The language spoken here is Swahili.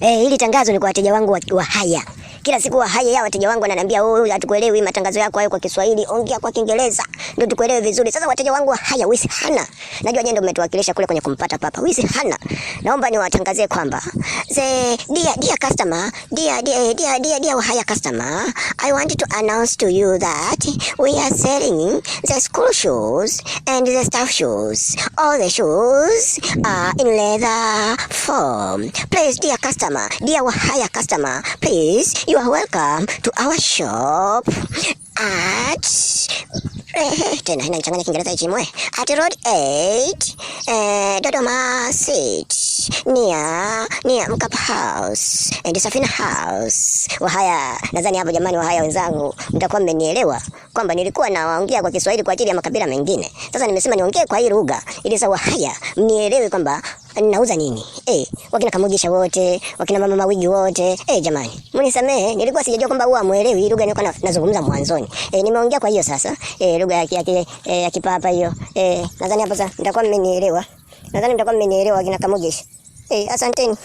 Eh, hili tangazo ni kwa wateja wangu wa, wa haya kila siku haya ya wateja wangu wananiambia, wewe oh, hatukuelewi matangazo yako hayo kwa Kiswahili, ongea kwa Kiingereza ndio tukuelewe vizuri. Sasa wateja wangu haya wisi hana. Najua ndio umetuwakilisha kule kwenye kumpata papa. Wisi hana. Naomba niwatangazie kwamba ze dear dear customer, dear dear dear dear dear haya customer, I want to announce to you that we are selling the school shoes and the staff shoes. All the shoes are in leather form. Please dear customer, dear haya customer, please you you are welcome to our shop at tena inanichanganya Kiingereza hichi mwe at road 8 eh, Dodoma City near near Mkapa House and Safina House. Wahaya, nadhani hapo jamani, wahaya wenzangu, mtakuwa mmenielewa kwamba nilikuwa naongea kwa Kiswahili kwa ajili ya makabila mengine. Sasa nimesema niongee kwa hii lugha ili sasa wahaya mnielewe kwamba nauza nini? Eh, wakina Kamugisha wote, wakina mama mawigi wote. Eh, jamani, mnisamehe, nilikuwa sijajua kwamba huwa mwelewi lugha nilikuwa nazungumza mwanzoni. Eh, nimeongea kwa hiyo sasa. Eh, lugha ya ya eh, ya kipapa hiyo. Eh, nadhani hapo sasa nitakuwa mmenielewa. Nadhani nitakuwa mmenielewa wakina Kamugisha. Eh, asanteni.